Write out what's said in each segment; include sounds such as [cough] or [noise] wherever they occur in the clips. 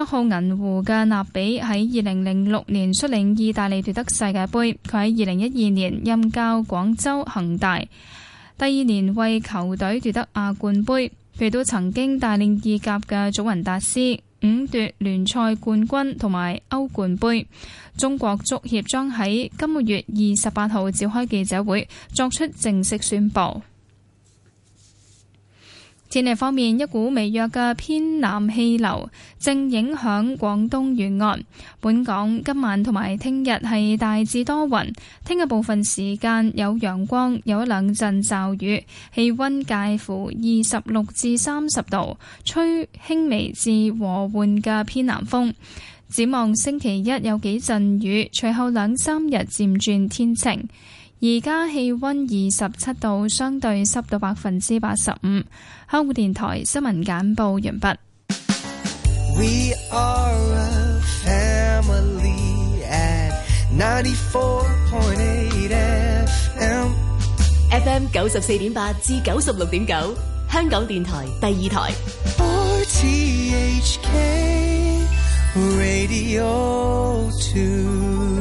一號銀狐嘅納比喺二零零六年率領意大利奪得世界杯。佢喺二零一二年任教廣州恒大，第二年為球隊奪得亞冠杯。佢都曾經帶領意甲嘅祖雲達斯五奪聯賽冠軍，同埋歐冠杯。中國足協將喺今個月二十八號召開記者會，作出正式宣布。天氣方面，一股微弱嘅偏南氣流正影響廣東沿岸。本港今晚同埋聽日係大致多雲，聽日部分時間有陽光，有一兩陣驟雨，氣温介乎二十六至三十度，吹輕微至和緩嘅偏南風。展望星期一有幾陣雨，隨後兩三日漸轉天晴。而家氣溫二十七度，相對濕度百分之八十五。香港電台新聞簡報完畢。FM 九十四點八至九十六點九， [music] 9, 香港電台第二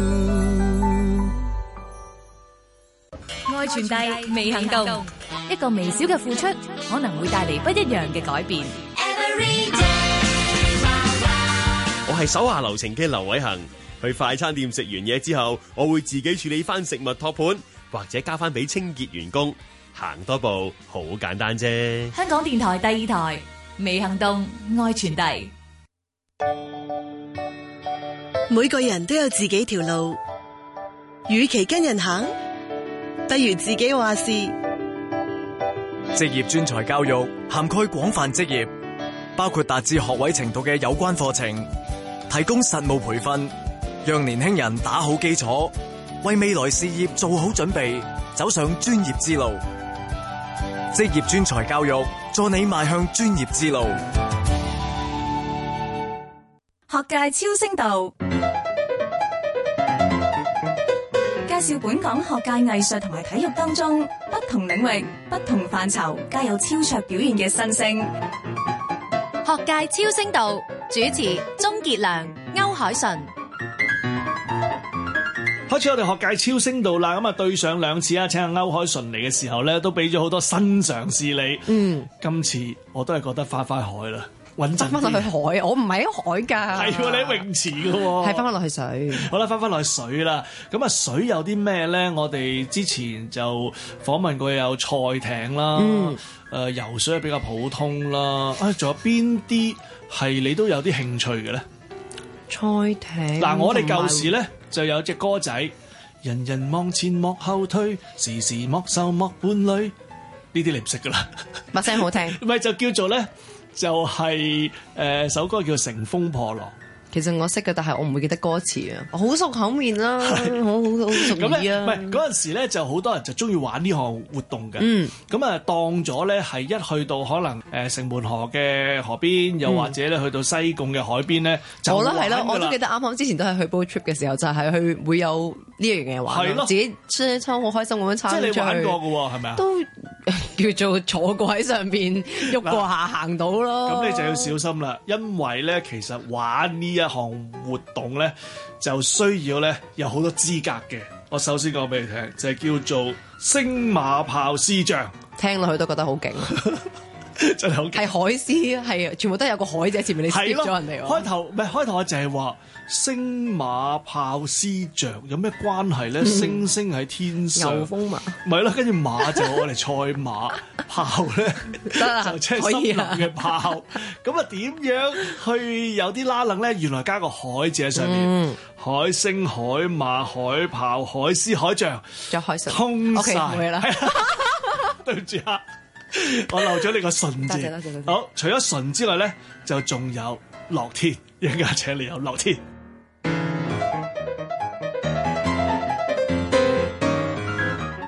台。愛傳遞，微行動。一個微小嘅付出，可能會帶嚟不一樣嘅改變。Day, 我係手下留情嘅劉偉恒，去快餐店食完嘢之後，我會自己處理翻食物托盤，或者交翻俾清潔員工。行多步，好簡單啫。香港電台第二台，微行動，愛傳遞。每個人都有自己條路，與其跟人行。不如自己話事。職業專才教育涵蓋廣泛職業，包括達至學位程度嘅有關課程，提供實務培訓，讓年輕人打好基礎，為未來事業做好準備，走上專業之路。職業專才教育助你邁向專業之路。學界超聲道。介紹本港學界藝術同埋體育當中不同領域，不同範疇皆有超卓表現嘅新星。學界超聲道主持鍾傑良、歐鎧淳。開始我哋學界超聲道啦，咁啊對上兩次啊，請阿歐鎧淳嚟嘅時候咧，都俾咗好多新嘗試你。嗯，今次我都係覺得花花海啦。翻翻落去海，我唔係喺海㗎，係喎你喺泳池㗎喎，係翻翻落去水。好啦，翻翻落去水啦，咁啊水有啲咩咧？我哋之前就訪問過有賽艇啦，誒游水係比較普通啦，啊仲有邊啲係你都有啲興趣嘅咧？賽艇嗱，我哋舊時咧就有隻歌仔，人人望前莫後退，時時莫愁莫伴侶，呢啲你唔識㗎啦，默聲好聽，咪就叫做咧。就係、是、誒、呃、首歌叫《乘風破浪》，其實我識嘅，但係我唔會記得歌詞啊，好 [laughs] 熟口面啦，好好好熟耳啦。唔係嗰陣時咧，就好多人就中意玩呢項活動嘅。咁啊、嗯，當咗咧係一去到可能誒城門河嘅河邊，又、嗯、或者咧去到西貢嘅海邊咧，好啦係啦，我都記得啱啱之前都係去 boat trip 嘅時候，就係、是、去會有。呢樣嘢玩，的自己上一倉好開心咁樣撐住，即係你玩過嘅喎，係咪啊？都叫做坐過喺上邊，喐過下，行 [laughs] 到咯。咁你就要小心啦，因為咧，其實玩呢一項活動咧，就需要咧有好多資格嘅。我首先講俾你聽，就係、是、叫做星馬炮師匠。聽落去都覺得好勁。 [laughs] 真係好，係海獅係，全部都有個海字喺前面，你睇咗人哋。開頭唔係開頭，我就係話星馬豹獅象有咩關係咧？星星喺天上，牛蜂唔係啦，跟住馬就我哋賽馬豹咧，就即係森林嘅豹。咁啊，點樣去有啲拉楞咧？原來加個海字喺上面，海星、海馬、海豹、海獅、海象，就開心。通晒，對唔住啊！ [laughs] 我漏咗你個淳字，好除咗淳之外咧，就仲有樂天，一陣間請你有樂天。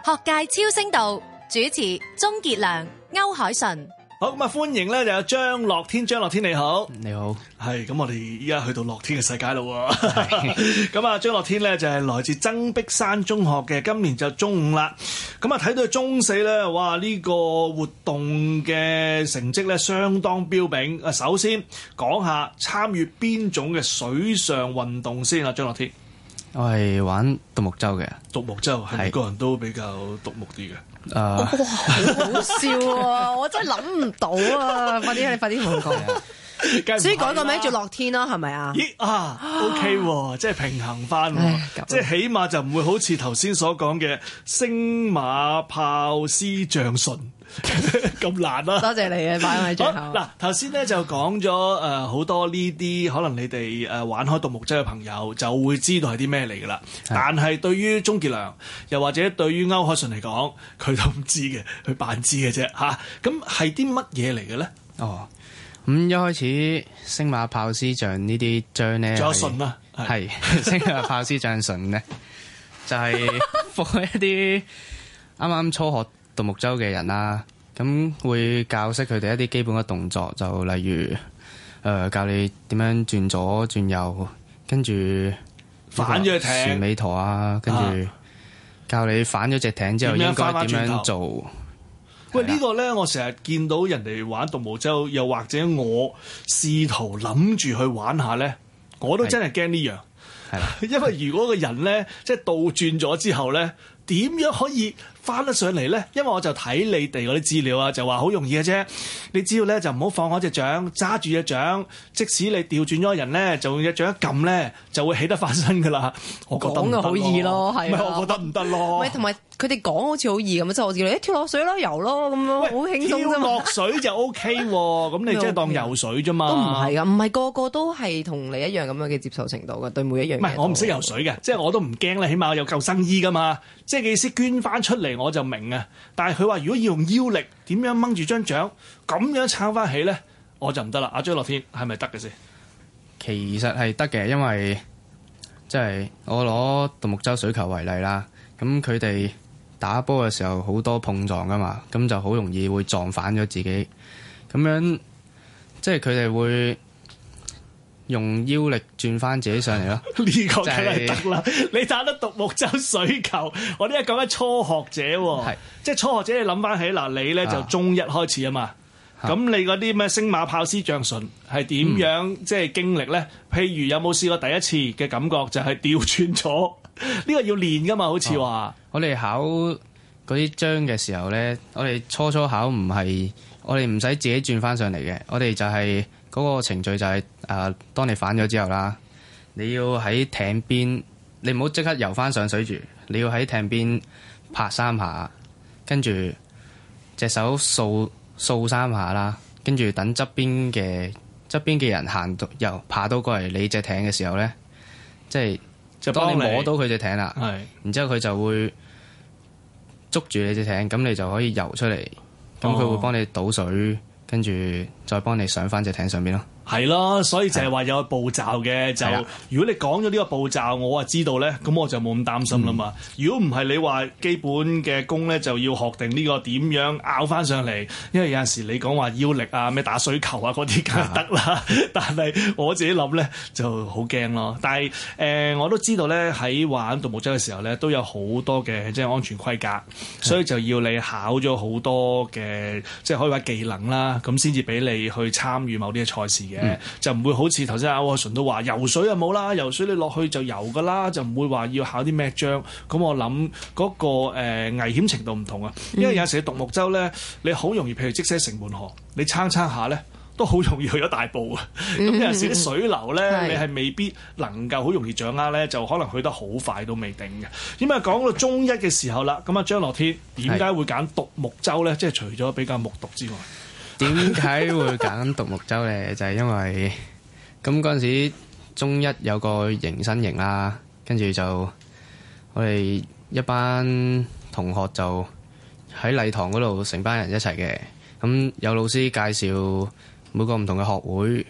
學界超聲道主持鍾杰良、歐鎧淳。好咁啊！歡迎咧，就有張樂天，張樂天你好，你好。係咁我哋依家去到樂天嘅世界咯。咁啊，張樂天咧，就係來自曾璧山中學嘅，今年就中五啦。咁啊，睇到佢中四咧，哇，呢個活動嘅成績咧，相當彪炳。啊，首先講下參與邊種嘅水上運動先啊，張樂天。我係玩獨木舟嘅，獨木舟係個人都比較獨木啲嘅。啊！Uh, 好笑啊！ [laughs] 我真係諗唔到啊！ [laughs] 快啲，你快啲講， [laughs] 所以改個名叫「樂天啦，係咪啊？咦 [laughs] 啊，yeah, ah, okay 啊，OK， [laughs] 即係平衡翻、啊，即係起碼就唔會好似頭先所講嘅星馬豹師象順。咁 [laughs] 麼難啦！多謝你啊，擺喺最後。嗱，頭先咧就講咗誒，好多呢啲可能你哋誒玩開獨木舟嘅朋友就會知道係啲咩嚟噶啦。是的 但係對於鍾傑良，又或者對於歐鎧淳嚟講，佢都唔知嘅，佢扮知嘅啫吓。咁係啲乜嘢嚟嘅咧？呢哦，咁一開始星馬炮師將呢啲將咧，仲有順啦、啊，係的 [laughs] 星馬炮師將順咧，就係、是、放一啲啱啱初學。獨木舟嘅人啦、啊，咁會教識佢哋一啲基本嘅動作，就例如誒、呃、教你點樣轉左轉右，跟住反咗艇船尾舵啊，跟住教你反咗隻艇之後應該點樣做。喂，呢的個呢，我成日見到人哋玩獨木舟，又或者我試圖諗住去玩下呢，我都真係驚呢樣， [laughs] 因為如果個人呢，即係倒轉咗之後呢，點樣可以？翻得上嚟咧，因為我就睇你哋嗰啲資料啊，就話好容易嘅啫。你只要咧就唔好放開隻掌，揸住隻掌，即使你調轉咗人咧，就用隻掌一撳咧，就會起得翻身噶啦。我覺得好易咯，係啊，我覺得唔得咯。唔係同埋佢哋講好似好易咁啊，即我叫你誒跳落水咯，游咯咁咯，好、欸、樣喂輕鬆啫。落水就 OK 喎、啊，咁 [laughs] 你即係當游水啫嘛。都唔係啊，唔係個個都係同你一樣咁樣嘅接受程度嘅對每一樣。唔係我唔識游水嘅，即係 [laughs] 我都唔驚啦，起碼我有救生衣噶嘛。即係嘅意思捐翻出嚟。我就明啊！但係佢話如果要用腰力，點樣掹住張掌咁樣撐返起咧？我就唔得啦！阿張樂天係咪得嘅先？是是其實係得嘅，因為即係我攞獨木舟水球為例啦。咁佢哋打波嘅時候好多碰撞噶嘛，咁就好容易會撞反咗自己。咁樣即係佢哋會。用腰力轉翻自己上嚟咯，呢 [laughs] 個梗係得啦！就是、 [laughs] 你打得獨木舟水球，我呢一個咧初學者喎，是即係初學者你諗翻起嗱，你咧、啊、就中一開始啊嘛，咁、啊、你嗰啲咩星馬炮師將順係點樣、嗯、即係經歷咧？譬如有冇試過第一次嘅感覺就係掉轉咗？呢、嗯、 [laughs] 個要練噶嘛，好似話、啊、我哋考嗰啲章嘅時候咧，我哋初初考唔係我哋唔使自己轉翻上嚟嘅，我哋就係、是。嗰個程序就係、是、誒、呃，當你反咗之後啦，你要喺艇邊，你唔好即刻游翻上水住，你要喺艇邊拍三下，跟住隻手掃掃三下啦，跟住等側邊嘅側邊嘅人行到由爬到過嚟你隻艇嘅時候咧，即係當你摸到佢隻艇啦，然之後佢就會捉住你隻艇，咁你就可以游出嚟，咁佢會幫你倒水。哦。跟住再幫你上返隻艇上面咯。係咯，所以就係話有個步驟嘅。就的如果你講咗呢個步驟，我啊知道咧，咁我就冇咁擔心啦嘛。如果唔係你話基本嘅功咧，就要學定呢、這個點樣拗翻上嚟。因為有陣時你講話腰力啊、咩打水球啊嗰啲梗係得啦。的但係我自己諗咧就好驚咯。但係誒、呃，我都知道咧喺玩獨木舟嘅時候咧，都有好多嘅即係安全規格，的所以就要你考咗好多嘅即係可以話技能啦，咁先至俾你去參與某啲嘅賽事嘅。嗯、就唔會好似頭先阿鎧淳都話游水就冇啦，游水你落去就游㗎啦，就唔會話要考啲咩章。咁我諗嗰、那個、呃、危險程度唔同啊，因為有陣時獨木舟咧，你好容易譬如即係城門河，你撐撐下咧，都好容易去咗大埔啊。咁、嗯、 [laughs] 有陣時啲水流咧，是你係未必能夠好容易掌握咧，就可能去得好快都未定嘅。點解講到中一嘅時候啦，咁啊張樂天點解會揀獨木舟咧？是即係除咗比較木獨之外。點解 [laughs] 會揀獨木舟咧？就係、是、因為咁嗰陣時，中一有個迎新營啦，跟住就我哋一班同學就喺禮堂嗰度，成班人一齊嘅。咁有老師介紹每個唔同嘅學會。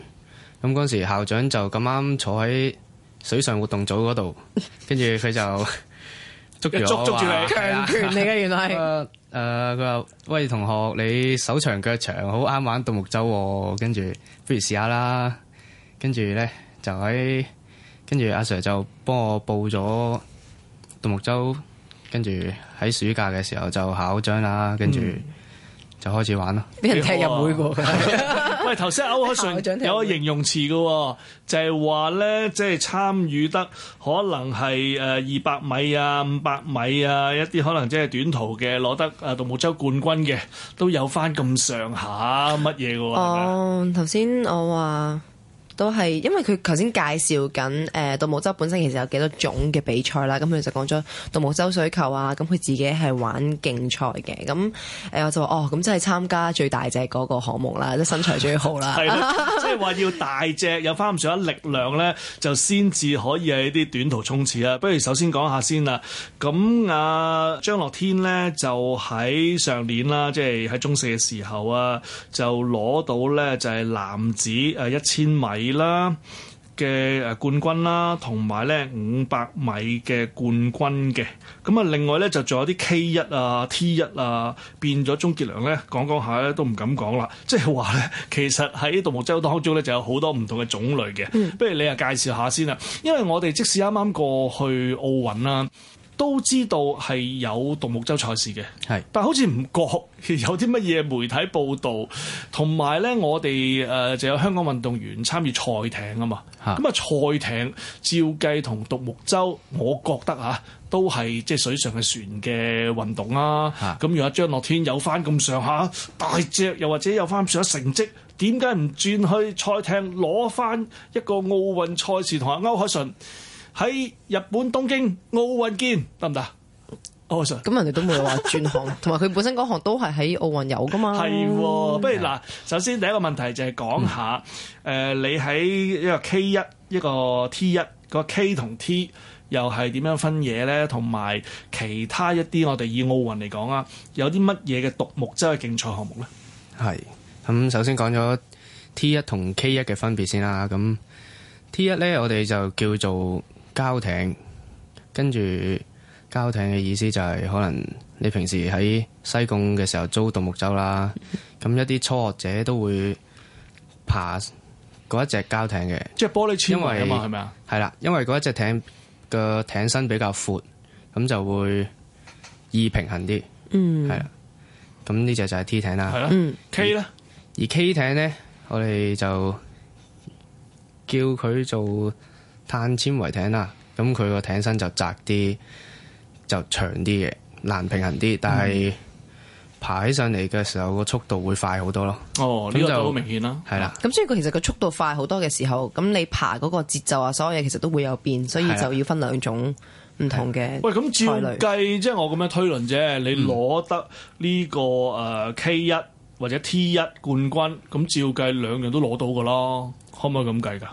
咁嗰陣時校長就咁啱坐喺水上活動組嗰度，跟住佢就捉住我啊！捉住你，強權嚟嘅，原來係。 [laughs] [laughs] [laughs] 誒，佢話、呃：喂，同學，你手長腳長，好啱玩獨木舟，啊，跟住不如試下啦。跟住咧就喺，跟住阿、啊、sir 就幫我報咗獨木舟，跟住喺暑假嘅時候就考章啦、啊，跟住就開始玩咯、啊、俾、嗯、人踢入會喎！ [laughs] [laughs] 喂，頭先歐鎧淳有個形容詞嘅， [laughs] 就係話咧，即係參與得可能係誒二百米啊、五百米啊，一啲可能即係短途嘅攞得誒獨木舟冠軍嘅，都有翻咁上下乜嘢嘅喎。啊、 [laughs] 吧哦，頭先我話。都係因為佢頭先介紹緊誒獨木舟本身其實有幾多種嘅比賽啦。咁、嗯、佢就講咗獨木舟水球啊，咁、嗯、佢自己係玩競賽嘅。咁、嗯、誒、嗯、我就話哦，咁即係參加最大隻嗰個項目啦，即係身材最好啦。係咯，即係話要大隻有翻咁上下力量咧，就先至可以喺啲短途衝刺啊。不如首先講下先啦。咁啊張樂天咧，就喺上年啦，即係，喺中四嘅時候啊，就攞到咧就係、是、男子誒一千米。啦嘅誒冠軍啦，同埋咧五百米嘅冠軍嘅，咁啊另外咧就仲有啲 K 一啊 T 一啊，變咗鍾傑良咧講講下咧都唔敢講啦，即係話咧其實喺獨木舟當中咧就有好多唔同嘅種類嘅，嗯、不如你啊介紹下先啦，因為我哋即使啱啱過去奧運啦。都知道係有獨木舟賽事嘅，係是，但好似唔覺有啲乜嘢媒體報導，同埋呢，我哋誒、呃、就有香港運動員參與賽艇啊嘛，咁啊是賽艇照計同獨木舟，我覺得啊，都係即係水上嘅船嘅運動啊，咁是如果張樂天有翻咁上下大隻，又或者有翻咁上下成績，點解唔轉去賽艇攞翻一個奧運賽事同阿歐鎧淳？喺日本東京奧運見得唔得？咁人哋都冇話轉行，同埋佢本身嗰行都係喺奧運有噶嘛？係，不如嗱，的首先第一個問題就係講下，誒、嗯呃，你喺一個 K 一、一個 T 一，個 K 同 T 又係點樣分嘢咧？同埋其他一啲我哋以奧運嚟講啊，有啲乜嘢嘅獨木舟嘅競賽項目咧？係咁，首先講咗 T 一同 K 一嘅分別先啦。咁 T 一咧，我哋就叫做。膠艇，跟住膠艇嘅意思就係可能你平時喺西貢嘅時候租獨木舟啦，咁 [laughs] 一啲初學者都會爬嗰一隻膠艇嘅，即係玻璃纖維啊嘛，係咪啊？係啦嗎，因為嗰一隻艇嘅艇身比較闊，咁就會易平衡啲。嗯，係啦，咁呢隻就係 T 艇啦。係啦，K 咧，而 K 艇咧，我哋就叫佢做。碳纖維艇啦，咁佢個艇身就窄啲，就長啲嘅，難平衡啲，但係爬起上嚟嘅時候個速度會快好多咯。哦、嗯，呢就個就好明顯啦。係啦的，咁所以佢其實個速度快好多嘅時候，咁你爬嗰個節奏啊，所有嘢其實都會有變，所以就要分兩種唔同嘅。喂，咁照計，即係類我咁樣推論啫。你攞得呢個誒 K 一或者 T 一冠軍，咁、嗯、照計兩樣都攞到㗎咯，可唔可以咁計㗎？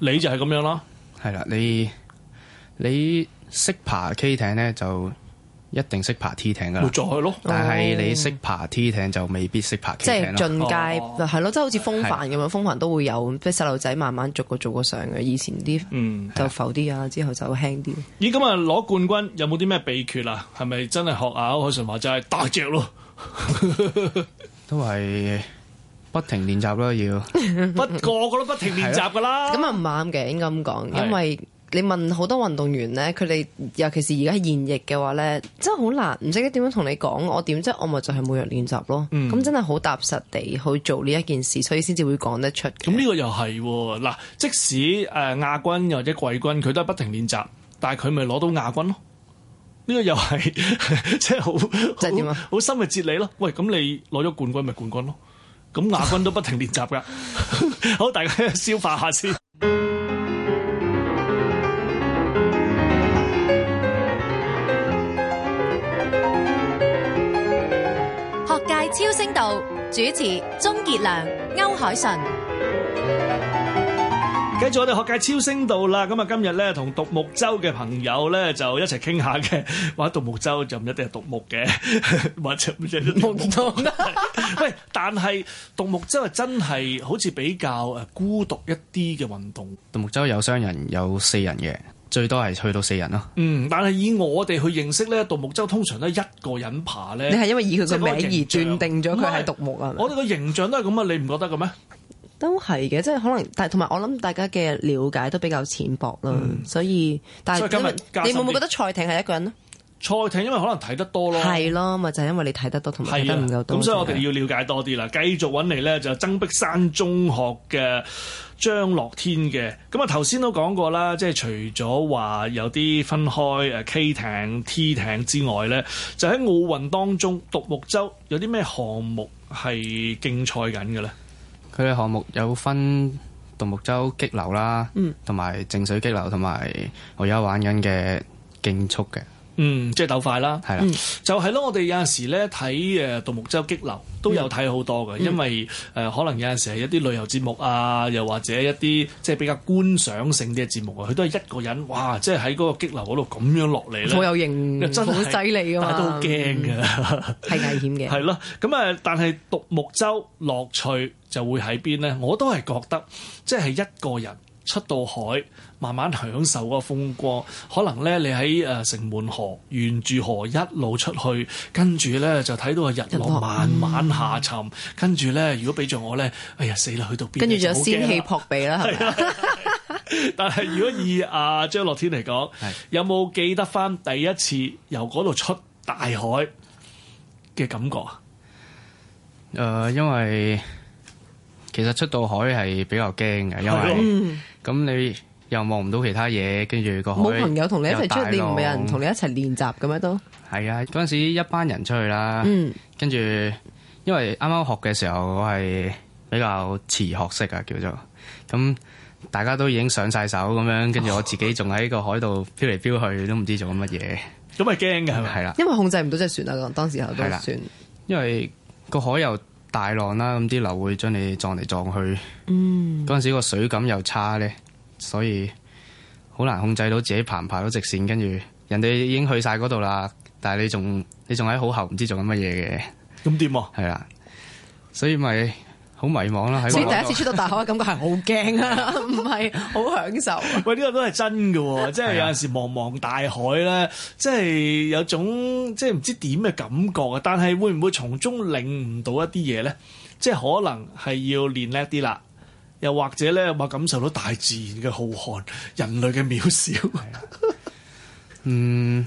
你就係咁樣啦。係啦，你你識爬 K 艇咧，就一定識爬 T 艇噶。冇錯咯，但係你識爬 T 艇就未必識爬梯艇。即係進階，係咯、哦，即係好似風帆咁樣，的風帆都會有，即係細路仔慢慢逐個逐個上嘅。以前啲就浮啲啊，嗯、之後就輕啲。咦、欸，咁啊，攞冠軍有冇啲咩祕訣啊？係咪真係學下許順華就係大隻？咯 [laughs] [laughs] 都係。不停練習啦，要不個個都不停練習㗎啦。咁啊唔啱嘅，應該咁講，因為你問好多運動員咧，佢哋尤其是而家現役嘅話咧，真係好難，唔知點樣同你講。我點即我咪就係每日練習咯。咁、嗯、真係好踏實地去做呢一件事，所以先至會講得出。咁呢個又係嗱，即使誒亞軍或者季軍，佢都係不停練習，但係佢咪攞到亞軍咯？呢、呢個又係即係好即係點啊？好深嘅哲理咯。喂，咁你攞咗冠軍咪冠軍咯？就是冠冠咁亞軍都不停練習噶， [laughs] 好，大家消化下先。學界超聲道，主持鍾傑良、歐鎧淳。繼續我哋學界超聲道啦，咁啊今日咧同獨木舟嘅朋友咧就一齊傾下嘅話獨木舟就唔一定係獨木嘅或者唔一定係獨木舟，喂， [laughs] 但係獨木舟係真係好似比較誒孤獨一啲嘅運動。獨木舟有雙人，有四人嘅，最多係去到四人咯。嗯，但係以我哋去認識咧，獨木舟通常都係一個人爬咧。你係因為以佢個名而斷定咗佢係獨木啊？ [laughs] 我哋個形象都係咁啊，你唔覺得嘅咩？都係嘅，即係可能，但係同埋我諗大家嘅了解都比較淺薄咯，嗯、所以但係今日你會唔會覺得賽艇係一個人呢？賽艇因為可能睇得多咯，係咯，咪就係、是、因為你睇得多同埋睇得唔夠多，咁的所以我哋要了解多啲啦。繼的續揾嚟咧，就曾璧山中學嘅張樂天嘅。咁啊，頭先都講過啦，即係除咗話有啲分開誒 K 艇、T 艇之外咧，就喺奧運當中獨木舟有啲咩項目係競賽緊嘅咧？佢哋項目有分獨木舟激流啦，同埋、嗯、靜水激流，同埋我而家玩緊嘅競速嘅。嗯，即係鬥快啦，係啊的。 [noise] 就係咯。我哋有陣時咧睇誒獨木舟激流，都有睇好多嘅，嗯、因為誒、呃、可能有陣時係一啲旅遊節目啊，又或者一啲即係比較觀賞性嘅節目啊，佢都係一個人，哇！即係喺嗰個激流嗰度咁樣落嚟咧，好有型，真係好犀利啊嘛，但都好驚嘅，係、嗯、危險嘅。係 [laughs] 咯，咁啊，但係獨木舟樂趣就會喺邊呢？我都係覺得，即、就、係、是、一個人。出到海，慢慢享受嗰個風光。可能咧，你喺誒城門河沿住河一路出去，跟住咧就睇到個日落慢慢下沉。跟住咧，嗯、如果俾着我咧，哎呀死啦，去到邊？跟住就有仙氣撲鼻啦，係咪？但係如果以阿張樂天嚟講， [laughs] 是有冇記得翻第一次由嗰度出大海嘅感覺啊？誒、呃，因為。其實出到海係比較驚嘅，因為咁你又望唔到其他嘢，跟住個海冇朋友同你一齊出去，你唔係有人同你一齊練習咁喺都。係啊，嗰陣時一班人出去啦，跟住因為啱啱學嘅時候，我係比較遲學識啊，叫做咁，大家都已經上晒手咁樣，跟住我自己仲喺個海度飄嚟飄去，都唔知做緊乜嘢。咁係驚嘅係啦，因為控制唔到隻船啊，當時候都算。因為個海又。大浪啦，咁啲流會將你撞嚟撞去。嗰陣、嗯、時個水感又差咧，所以好難控制到自己爬唔爬到直線。跟住人哋已經去晒嗰度啦，但係你仲你仲喺好後，唔知做緊乜嘢嘅。咁點啊？係啦，所以咪。好迷茫啦、啊，喺所以第一次出到大海，感覺係好驚啊，唔係好享受、啊。喂，呢、這個都係真嘅、啊，即係有陣時茫望大海咧、啊，即係有種即係唔知點嘅感覺啊。但係會唔會從中領悟到一啲嘢咧？即係可能係要練叻啲啦，又或者咧，話感受到大自然嘅浩瀚，人類嘅渺小。啊、 [laughs] 嗯，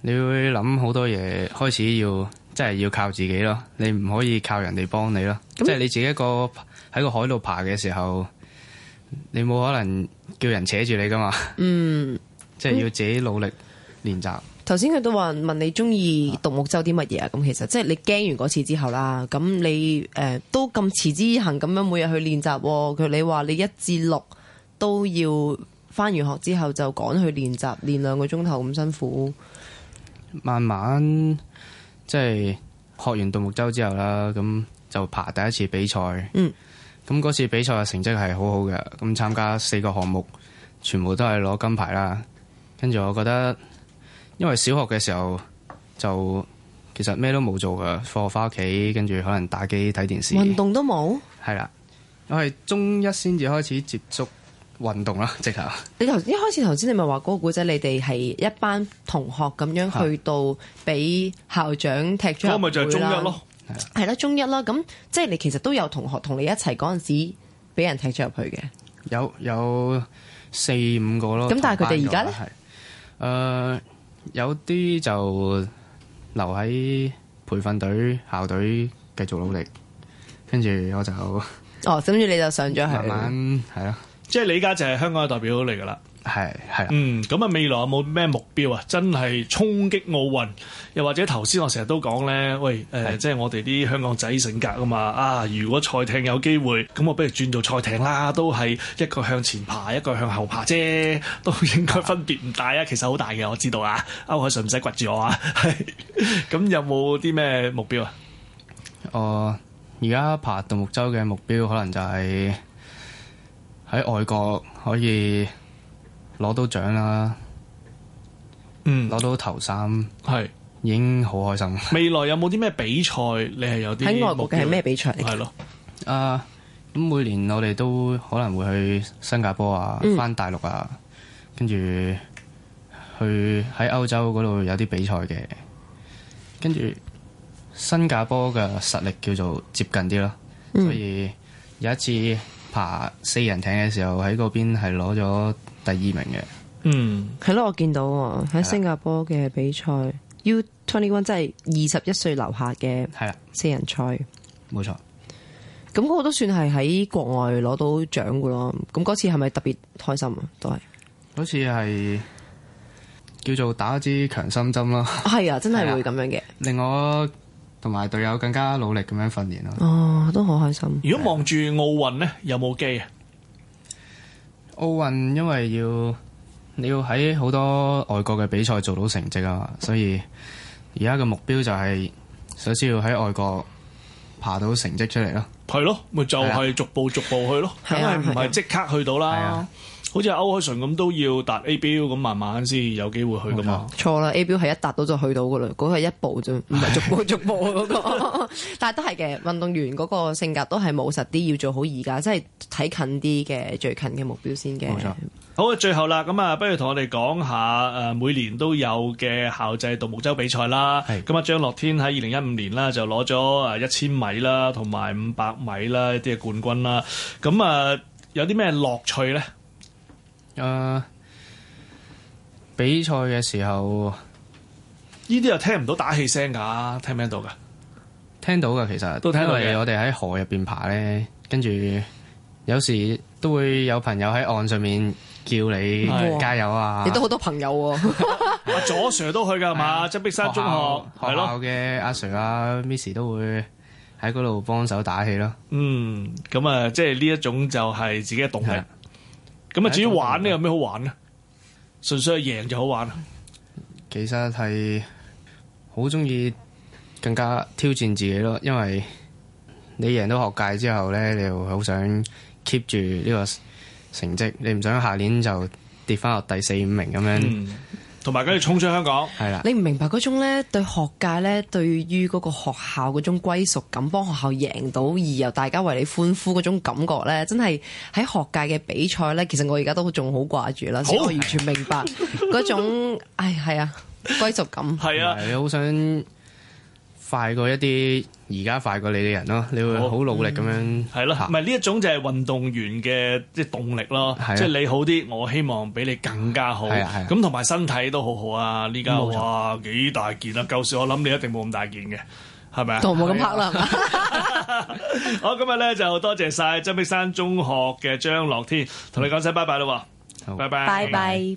你會諗好多嘢，開始要。即係要靠自己咯，你唔可以靠人哋幫你咯。嗯、即係你自己一個喺個海度爬嘅時候，你冇可能叫人扯住你噶嘛。嗯，即係要自己努力練習。頭先佢都話問你中意獨木舟啲乜嘢啊？咁其實即係你驚完嗰次之後啦，咁你誒、呃、都咁持之以恆咁樣每日去練習、啊。佢你話你一至六都要翻完學之後就趕去練習，練兩個鐘頭咁辛苦。慢慢。即係學完獨木舟之後啦，咁就爬第一次比賽。嗯，咁次比賽嘅成績係好好嘅，咁參加四個項目，全部都係攞金牌啦。跟住我覺得，因為小學嘅時候就其實咩都冇做嘅，放學翻屋企，跟住可能打機睇電視，運動都冇。係啦，我係中一先至開始接觸。運動啦，即係你頭一開始頭先，你咪話嗰個古仔，你哋係一班同學咁樣去到俾校長踢咗。嗰咪就係中一咯，係啦，中一啦。咁即係你其實都有同學同你一齊嗰陣時，俾人踢咗入去嘅。有有四五個咯。咁但係佢哋而家咧，誒、呃、有啲就留喺培訓隊校隊繼續努力，跟住我就哦，跟住你就上咗去，慢慢即係你而家就係香港嘅代表嚟噶啦，係係嗯咁啊，未來有冇咩目標啊？真係衝擊奧運，又或者頭先我成日都講咧，喂誒，呃、的即係我哋啲香港仔性格啊嘛啊！如果賽艇有機會，咁我不如轉做賽艇啦，都係一個向前爬，一個向後爬啫，都應該分別唔大啊。的其實好大嘅，我知道啊。歐鎧淳唔使掘住我啊，係咁，有冇啲咩目標啊？我而家爬獨木舟嘅目標，呃、目標可能就係、是。喺外國可以攞到獎啦，嗯，攞到頭三係是已經好開心。未來有冇啲咩比賽？你係有啲喺外國嘅係咩比賽？係咯了，啊咁、嗯 uh，每年我哋都可能會去新加坡啊，返、嗯、大陸啊，跟住去喺歐洲嗰度有啲比賽嘅，跟住新加坡嘅實力叫做接近啲咯，嗯、所以有一次。爬四人艇嘅時候喺嗰邊係攞咗第二名嘅。嗯，係咯， [noise] [noise] 我見到喺新加坡嘅比賽、嗯、U twenty one，即係二十一歲樓下嘅。係啊，四人賽。冇錯錯。咁嗰個都算係喺國外攞到獎噶咯。咁、那、嗰、個、次係咪特別開心啊？都係嗰次係叫做打一支強心針咯。係 [laughs] [noise] 啊，啊，真係會咁樣嘅。令、 [noise] 啊、我。同埋隊友更加努力咁樣訓練咯。哦，都好開心。如果望住奧運呢，係有冇機啊？奧運因為要你要喺好多外國嘅比賽做到成績啊，所以而家嘅目標就係首先要喺外國爬到成績出嚟咯。係咯，咪 [music] 就係逐步逐步去咯，梗係唔係即刻去到啦。好似歐鎧淳咁，都要達 A 標咁，慢慢先有機會去噶嘛？錯啦，A 標係一達到就去到噶啦，嗰個係一步啫，唔係的逐步 [laughs] 逐步，嗰個。 [laughs] 但係都係嘅，運動員嗰個性格都係冇實啲，要做好而家，即係睇近啲嘅最近嘅目標先嘅。冇錯錯，好啊，最後啦，咁啊，不如同我哋講下誒每年都有嘅校際獨木舟比賽啦。咁啊的，張樂天喺二零一五年啦就攞咗誒一千米啦，同埋五百米啦一啲嘅冠軍啦。咁啊，有啲咩樂趣咧？誒、呃，比賽嘅時候，呢啲又聽唔到打氣聲噶，聽唔聽到噶？聽到噶，其實都聽到嘅。我哋喺河入邊爬咧，跟住有時都會有朋友喺岸上面叫你加油啊！你都好多朋友，啊，阿 [laughs] 左、 [laughs] 啊、sir 都去噶係嘛？即係璧山中學學校嘅阿 sir 啊 miss 都會喺嗰度幫手打氣咯。嗯，咁啊，即係呢一種就係自己嘅動力。咁啊，至於玩呢？有咩好玩咧？純粹係贏就好玩啦。其實係好中意更加挑戰自己咯，因為你贏到學界之後咧，你又好想 keep 住呢個成績，你唔想下年就跌翻落第四五名咁樣。嗯同埋跟住衝出香港，係啦了！你唔明白嗰種咧，對學界咧，對於嗰個學校嗰種歸屬感，幫學校贏到而由大家為你歡呼嗰種感覺咧，真係喺學界嘅比賽咧，其實我而家都仲好掛住啦，所以我完全明白嗰種， [laughs] 唉，係啊，歸屬感，係啊，啊你好想。快過一啲，而家快過你嘅人咯，你會好努力咁樣。係咯，唔係呢一種就係運動員嘅即係動力咯，即係你好啲，我希望比你更加好。咁同埋身體都好好啊，呢家哇幾大件啊！舊時我諗你一定冇咁大件嘅，係咪都冇咁拍啦？好，哦，今日咧就多謝晒曾璧山中學嘅張樂天，同你講聲拜拜啦，拜拜，拜拜。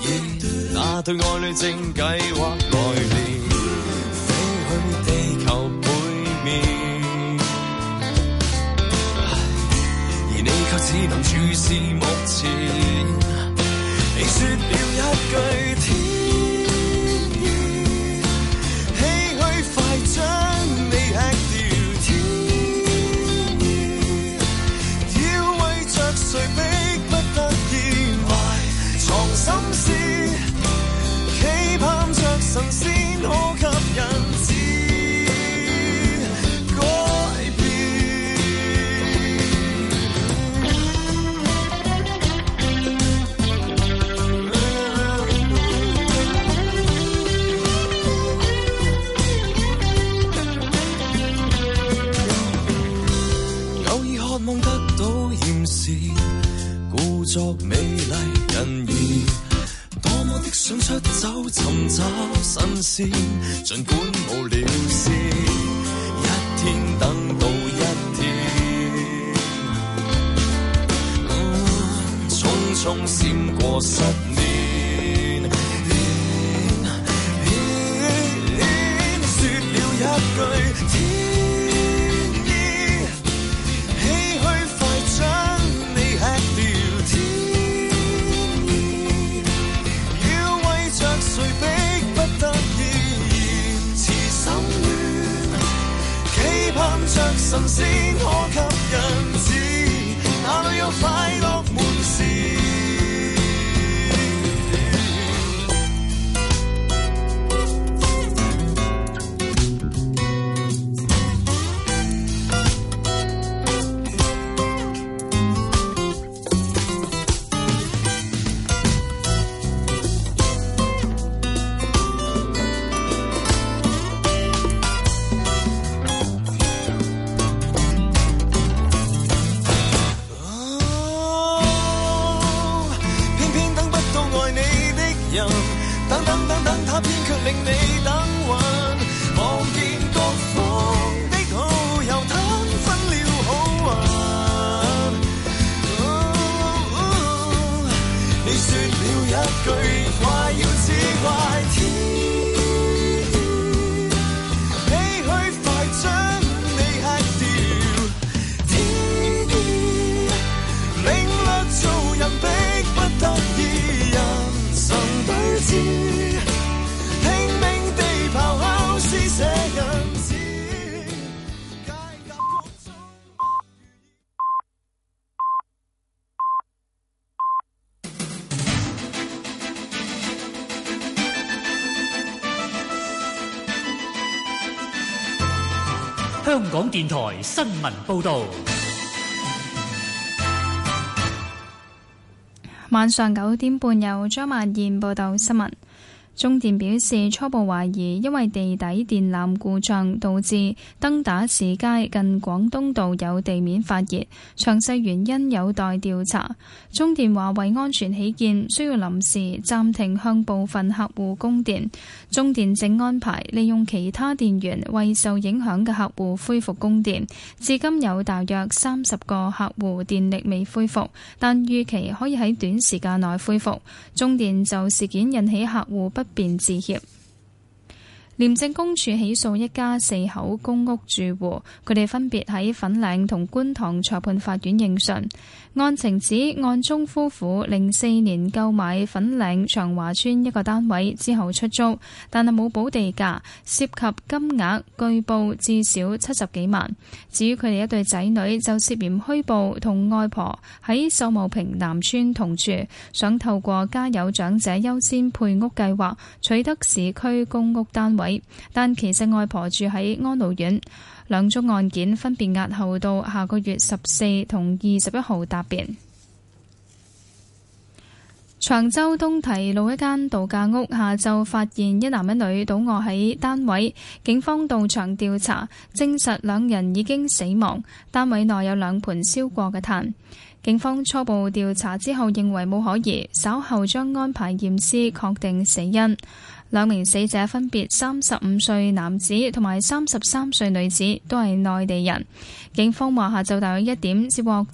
對愛侶正計劃來年飛去地球背面，而你卻只能注視目前。你說了一句。每當我。電台新聞報道。晚上九點半有，有張萬燕報道新聞。中電表示初步懷疑，因為地底電纜故障導致登打士街近廣東道有地面發熱，詳細原因有待調查。中電話為安全起見，需要臨時暫停向部分客戶供電。中電正安排利用其他電源為受影響嘅客戶恢復供電。至今有大約三十個客戶電力未恢復，但預期可以喺短時間內恢復。中電就事件引起客戶不不便致歉。廉政公署起訴一家四口公屋住戶，佢哋分別喺粉嶺同觀塘裁判法院應訊。案情指案中夫婦零四年購買粉嶺長華村一個單位之後出租，但係冇補地價，涉及金額據報至少七十幾萬。至於佢哋一對仔女就涉嫌虛報，同外婆喺秀茂坪南村同住，想透過家有長者優先配屋計劃取得市區公屋單位，但其實外婆住喺安老院。兩宗案件分別押後到下個月十四同二十一號答辯。長洲東堤路一間度假屋下晝發現一男一女倒卧喺單位，警方到場調查，證實兩人已經死亡。單位內有兩盆燒過嘅炭。警方初步調查之後認為冇可疑，稍後將安排驗屍確定死因。兩名死者分別三十五歲男子同埋三十三歲女子，都係內地人。警方話：下晝大約一點接獲